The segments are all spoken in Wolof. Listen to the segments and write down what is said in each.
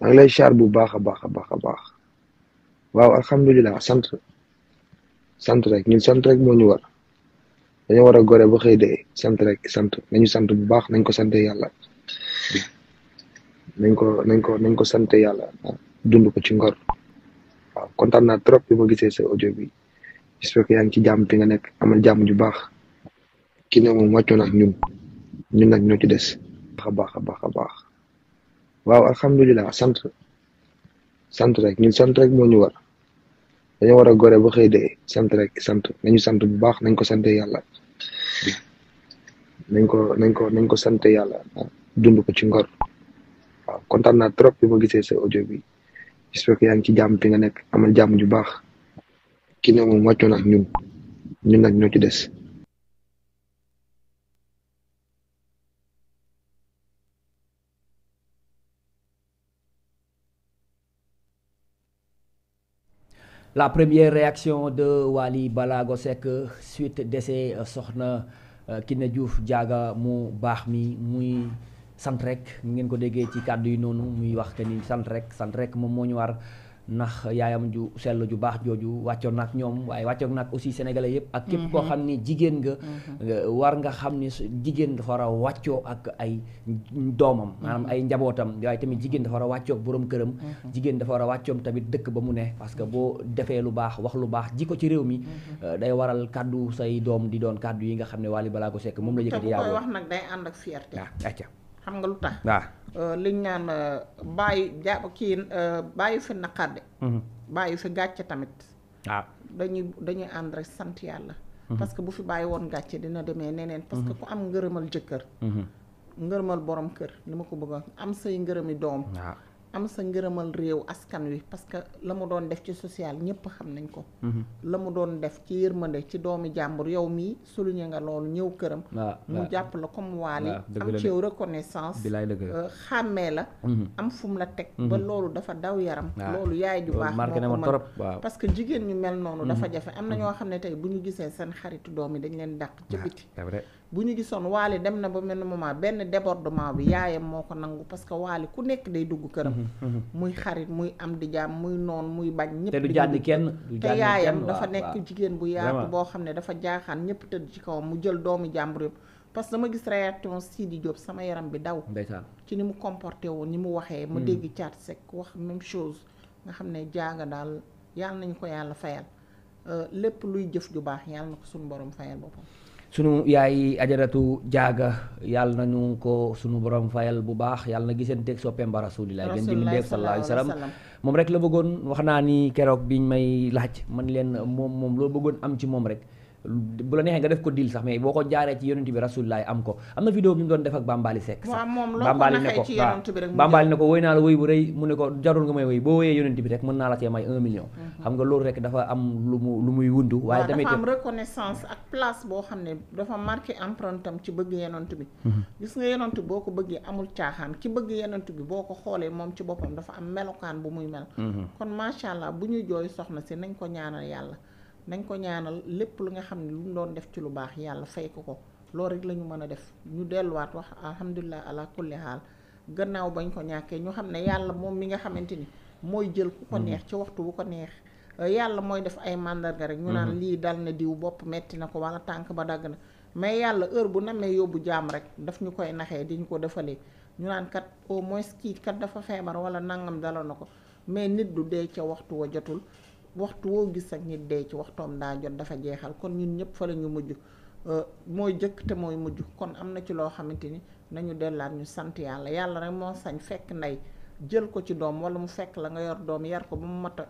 maa ngi lay char bu baax a baax a baax a baax waaw alhamdulilah sant sant rek ñu sant rek moo ñu war dañoo war a gore ba xëy de sant rek sant nañu sant bu baax nañ ko sante yàlla nañ ko nañ ko nañ ko sant yàlla dund ko ci ngor waaw kontaan naa trop bi ma gisee sa audio bi j'espère yaa ngi ci jàmm fi nga nekk amal jàmm ju baax kii ne moom wàccoon ak ñun ñu nag ñoo ci des baax a baax a baax a baax waaw alhamdulilah sant sant rek ñu sant rek moo ñu war dañoo war a gore boo xëy dee sant rek sant nañu sant bu baax nañ ko sante yàlla nañ ko nañ ko nañ ko sante yàlla dund ko ci ngor waaw kontaan naa trop bi ma gisee sa audio bi j'espère que yaa ngi ci jàmm fi nga nekk amal jàmm ju baax ki ne moom wàccoon ak ñun ñun nag ñoo ci des la première réaction de Wally Balago Seck suite décès euh, soxna euh, Kiné Diouf Diaga mu baax mi muy sant rek ngeen ko déggee ci kàddu yi noonu muy wax que ni sant rek sant rek moom moo ñu war ndax yaayam ju sell ju baax jooju wàccoon na ak ñoom waaye wàccoon na ak aussi sénégalais yëpp. ak képp koo mhm. xam ni jigéen mhm. nga. war nga xam ni jigéen dafa war a wàccoo ak ay doomam. maanaam mhm. ay njabootam waaye tamit jigéen dafa wàccoo borom këram. jigéen dafa war a wàccoom tamit dëkk ba mu ne. parce que boo defee lu baax wax lu baax ji ko ci réew mi. Euh, day waral kaddu say doom di doon kaddu yi nga xam ne balaa ko Seck moom la yëkkati. yaa wax nag day ànd ak fierté. xam nga lu tax waaw euh, liñ naan euh, bàyyi jàpp kii euh, bàyyi fi naqar de mhm. bàyyi fi gàcce tamit waaw dañuy dañuy ànd rek sant yàlla mhm. parce que bu fi bàyyi woon gàcce dina demee neneen parce que mhm. ku am ngërëmal jëkkër ngërëmal borom kër ni ma ko bëgg am say ngërëmi doom am sa ngërëmal réew askan wi parce que la mu doon def ci social ñëpp xam nañ ko mhm. la mu doon def ci yërmande ci doomi jàmbur yow mii souligné nga loolu ñëw këram mu jàpp la comme waali am ci yow reconnaissance euh, xàmmee la mhm. am fu mu la teg mhm. ba loolu dafa daw yaram loolu yaay ju baax moo ko mën parce que jigéen ñu mel noonu dafa jafe am na ñoo xam ne tey bu ñu gisee seen xaritu doom yi dañ leen dàq ci biti bu ñu gisoon waali dem na ba mel moment benn débordement bi yaayam moo ko nangu parce que waali ku nekk day dugg këram mhm, mhm. muy xarit muy am di jaam muy noon muy bañ ñëpp te du jàdd kenn te yaayam dafa nekk jigéen bu yaatu boo xam ne dafa jaaxaan ñëpp tëdd ci kawam mu jël doomu jàmbur yëpp parce que dama gis réaction di Diop sama yaram bi daw ci ni mu comporté woon ni mu waxee mu mhm. dégg caat sec wax même chose nga xam ne jaaga daal yàlla nañu ko yàlla fayal euh, lépp luy jëf ju baax yàlla na ko suñu fayal boppam sunu yaay ajaratu jaaga yàlla na nañu ko sunu borom fayal bu baax yàlla na gisanteeg soppeem ba rasulilaay gën di mbindeef sallallahu alayhi wasallam moom rek la bëggoon wax naa ni keroog biñ may laaj man leen moom moom loo bëggoon am ci moom rek bu la neexee nga def ko dil sax mais boo ko jaaree ci yonent bi rasulilah am ko am na vidéo bi mu doon def ak Bambali Seck sax Bambali ne ko waaw Bambali ne la woy bu rëy mu ne ko jarul nga may woy boo woyee yonent bi rek mën naa la cee may un million mhm. xam nga loolu rek dafa am lu mu lu muy wundu waaye tamit dafa am reconnaissance ak place boo xam ne dafa marqué empreinte am ci bëgg yonent bi mhm. gis nga yonent boo ko bëggee amul caaxaan ki bëgg yonent bi boo ko xoolee moom ci boppam dafa am melokaan bu muy mel mhm. kon macha allah bu ñu jooy soxna si nañ ko ñaanal yàlla nañ ko ñaanal lépp lu nga xam ni lu mu doon def ci lu baax yàlla fay ko ko loolu rek la ñu mën a def ñu delluwaat wax alhamdulilah ala kulli haal gannaaw bañ ko ñàkkee ñu xam ne yàlla moom mi nga xamante ni mooy jël ko mm-hmm. neex ci waxtu bu ko neex euh, yàlla mooy def ay màndarga rek ñu naan mm-hmm. lii dal na diw bopp metti na ko wala tànk ba dagg na mais yàlla heure bu namee yóbbu jaam rek daf ñu koy naxee di ñu ko defalee ñu naan kat au moins kii kat dafa feebar wala nangam dala na ko mais nit du dee ca waxtu wa jotul waxtu woo gis ak nit dee ci waxtoom daa jot dafa jeexal kon ñun ñëpp fa la ñu mujj euh, mooy jëkk te mooy mujj kon am na ci loo xamante ni nañu dellaat ñu sant yàlla yàlla rek moo sañ fekk ndey jël ko ci doom wala mu fekk la nga yor doom yar ko ba mu mat a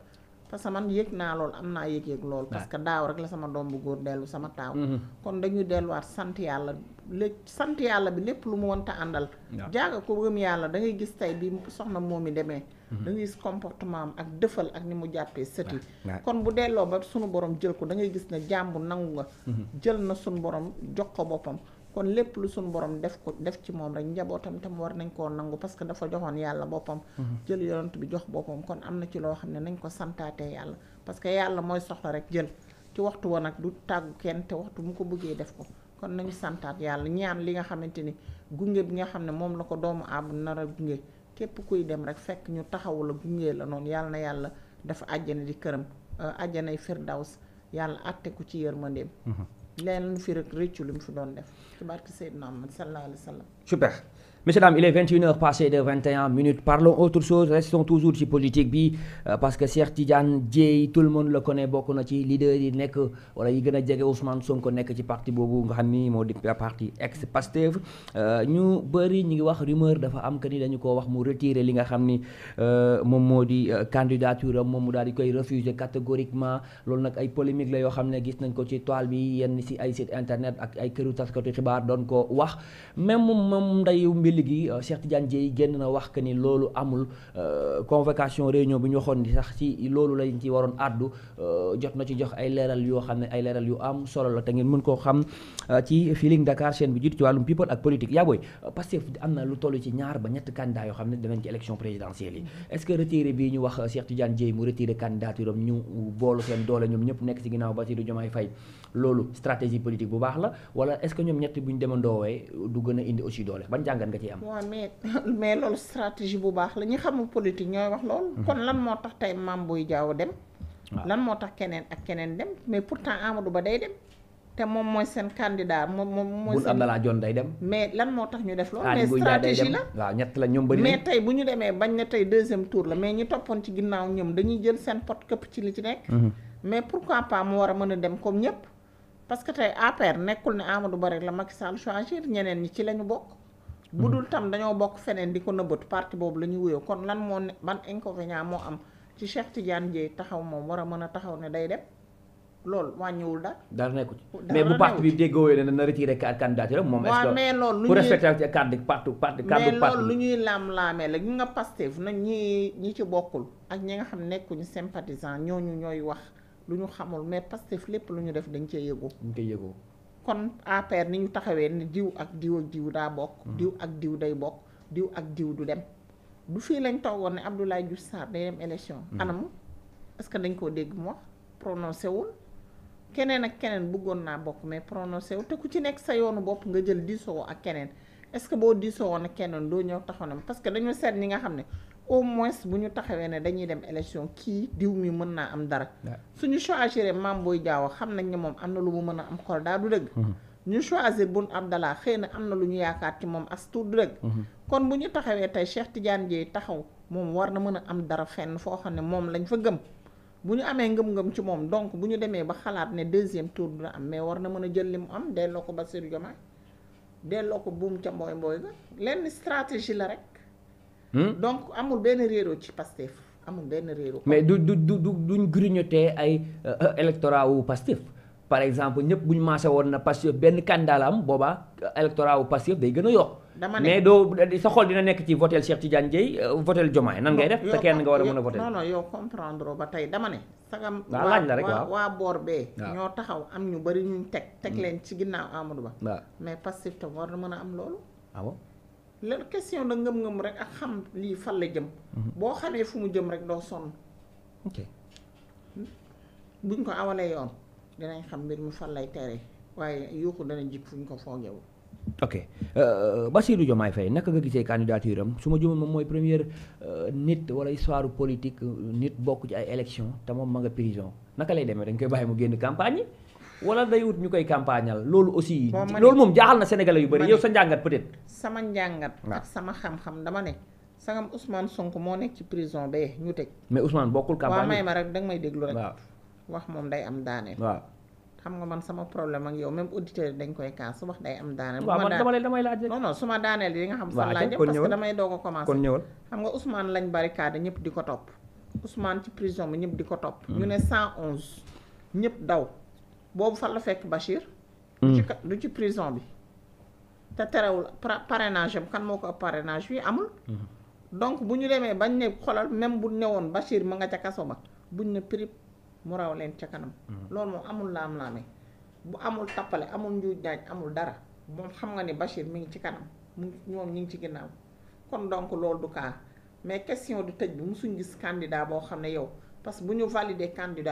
parce que man yéeg naa lool am naa yëg yéeg lool. parce que daaw rek la sama doom bu góor dellu sama taaw. Mm-hmm. kon dañuy delluwaat sant yàlla léeg sant yàlla bi lépp lu mu wanta àndal. jaaga ko gëm yàlla da ngay gis tey bi soxna moom mi demee. Mm-hmm. da ngay gis comportement ak dëfal ak ni mu jàppee sët yi kon bu delloo ba sunu borom jël ko da ngay gis ne jàmbu nangu nga. Mm-hmm. jël na sunu borom jox ko boppam. kon lépp lu suñu borom def ko def ci moom rek njabootam tam war nañ koo nangu parce que dafa joxoon yàlla boppam mhm. jël yonent bi jox boppam kon am na ci loo xam ne nañ ko santaate yàlla parce que yàlla mooy soxla rek jël ci waxtu woon nag du tàggu kenn te waxtu ko bëggee def ko kon nañu santaat yàlla ñaan li nga xamante ni gunge bi nga xam ne moom la ko doomu àbb nar a gunge képp kuy dem rek fekk ñu taxawu la gunge la noonu yàlla na yàlla dafa àjjana di këram euh, àjjanay firdaws yàlla àtte ko ci yërmandeem mhm. lenn fi rek rëccu lu mu fi doon def ci barke Seydina Muhammad sallallahu alayhi wa sallam messieurs dames il est 21 heures passées de 21 minutes parlons autre chose restons toujours ci politique bi euh, parce que Cheikh Tidiane Dièye tout le monde le connaît bokk na ci leader yi nekk wala yi gën a jege Ousmane Sonko nekk ci parti boobu nga xam ni moo di parti ex Pastef euh, ñu bëri ñu ngi wax rumeur dafa am que ni dañu ko wax mu retirer li nga xam ni euh, moom moo di candidature am moom mu daal di koy refuser catégoriquement loolu nag ay polémique la yoo xam ne gis nañ ko ci toile bi yenn si ay site internet ak ay këru taskatu xibaar doon ko wax julli gi euh, Cheikh Tidiane yi génn na wax que ni loolu amul euh, convocation réunion bi ñu waxoon di sax ci loolu lañ ci waroon àddu euh, jot na ci jox ay leeral yoo xam ne ay leeral yu am solo la te ngeen mën koo xam ci Feeling Dakar chaîne bi jiitu ci wàllum people ak politique yaa booy Pastef am na lu toll ci ñaar ba ñett candidat yoo xam ne danañ ci élection présidentielle yi mm-hmm. est-ce que retiré bii ñu wax Cheikh Tidiane Dieye mu retiré candidature am ñu boolu seen ñoom ñëpp nekk ci ginnaaw Bassirou Diomaye Faye loolu stratégie politique bu baax la wala est-ce que ñoom ñett bu ñu demandoowee du gën a indi aussi doole bañ jàngat nga ciy am. waaw mais mais loolu stratégie bu baax la ñi xamul politique ñooy wax loolu. Mhm. kon lan moo tax tey Mame Boye Diao dem. lan moo tax keneen ak keneen dem mais pourtant Amadou Ba day dem. te moom mooy seen candidat moom moom mooy seen. Boun Abdallah Dionne day dem. mais lan moo tax ñu def loolu. mais stratégie la waaw ñett la ñoom bëri mais tey bu ñu demee bañ na tey deuxième tour la mais ñu toppoon ci ginnaaw ñoom dañuy jël seen pot këpp ci li ci nekk. Mhm. mais pourquoi pas mu war a mën a dem comme ñëpp. parce que tey APR nekkul ne Amadou Ba rek la Macky Sall choisir ñeneen ñi ci la ñu bokk. Hmm. bu dul tam dañoo bokk feneen di ko nëbbatu parti boobu la ñu wuyoo kon lan moo ne ban inconvénient moo am ci Cheikh Tidiane Dièye taxaw moom war a mën a taxaw ne day dem loolu wàññiwul dara. dara nekku ci mais bu parti bi déggoo ne na retiré carte candidature moom. est-ce que mais loolu lu ñuy pour respecter carte parti parti mais loolu lu ñuy laam-laamee la ñi nga Pastef na ñi ñi ci bokkul ak ñi nga xam nekkuñu sympathisant ñooñu ñooy wax. lu ñu xamul mais Pastef lépp lu ñu def dañ cee yëgu. dañ cee kon APR ni ñu taxawee ne diw ak diw ak diw daa bokk. Mm-hmm. diw ak diw day bokk diw ak diw du dem. du fii lañ toogoon ne Abdoulaye Diouf Sarr day dem élection. Mm-hmm. anam est que dañ koo dégg mu wax prononcé wul. keneen ak keneen bëggoon naa bokk mais prononcé wu te ku ci nekk sa yoonu bopp nga jël diisoo ak keneen est-ce que boo diisoo woon ak keneen doo ñëw taxaw na parce que dañoo seet ñi nga xam ne au moins bu ñu taxawee ne dañuy dem élection kii diw mi mën naa am dara. suñu choisir Mame Boye Diao xam nañ ne moom am na lu mu mën a am xol daa du dëgg. Mm-hmm. ñu choisir Boun Abdallah xëy na am na lu ñu yaakaar ci moom as tour du dëgg. Mm-hmm. kon bu ñu taxawee tey Cheikh Tidiane Dièye taxaw moom war na mën a am dara fenn foo xam ne moom lañ fa gëm. bu ñu amee ngëm-ngëm ci moom donc bu ñu demee ba xalaat ne deuxième tour dina am mais war na mën a jël li mu am delloo ko Bassirou Diomaye delloo ko buum ca mbooy mbooy lenn stratégie la rek. Hmm? donc amul benn réeroo ci Pastef amul benn réeroo. mais du du du du duñ grignoter ay euh, euh, électorat wu Pastef par exemple ñëpp bu ñu maase woon na Pastef benn candidat booba am euh, boobaa électorat wu Pastef day gën a yokk. dama ne mais doo sa xol dina nekk ci votel Cheikh Tidiane Dieye votel Diomaye nan ngay def. sa kenn nga war a mën a votel non non yow comprendre ba tey dama ne. sagam ah, laaj la rek waaw waa boor bee. ñoo taxaw am ñu bari ñu teg. teg hmm. leen ci ginnaaw Amadou Ba. mais Pastef tam war na mën a am loolu. Ah la question na ngëm-ngëm rek ak xam lii fan la jëm. Mhm. boo xamee fu mu jëm rek ndoo sonn. ok buñ ko awalee yoon dinañ xam mbir mu fan lay tere waaye yuuxu dana jik fuñ ko foogeewul. ok euh, euh, Bassirou Diomaye Faye naka nga gisee candidature am su ma jumoon moom mooy première euh, nit wala histoire politique nit bokk ci ay election te moom ma nga prison naka lay demee dañ koy bàyyi mu génn campagne wala day wut ñu koy campagnal loolu aussi. loolu moom jaaxal na sénégalais yu bëri yow sa njàngat peut-être. sama njàngat ak sama xam-xam dama ne. sangam Ousmane Sonko moo nekk ci prison bee ñu tëj. mais Ousmane bokkul campagne waaw may ma rek danga may déglu rek. wax moom am daaneel. waaw xam nga man sama problème ak yow même auditeur dañ koy kaas su wax day am daaneel. waaw man dama lay damay laaj rek ma daaneel nga xam. fan laa jëm parce que damay doog a commencé. kon ñëwal lañ barricade ñëpp di ko topp. Ousmane ci prison ñëpp di ko topp. Hmm. ñu ne 111 ñëpp daw. boobu fan la fekk Bachir. Hmm. du ci du ci prison bi. te terewul parrainage am kan moo ko parrainage fii amul. Hmm. donc bu ñu demee bañ ne xolal même bu newoon Bachir mu nga ca kaso ba buñ ne prip mu raw leen ca kanam. Hmm. loolu moom amul laam-laame bu amul tappale amul njuuj naaj amul dara moom xam nga ne Bachir mi ngi ci kanam mu ñoom ñu ngi ci ginnaaw kon donc loolu du kaa mais question du tëj bi musuñ gis candidat boo xam ne yow parce bu ñu valider candidat.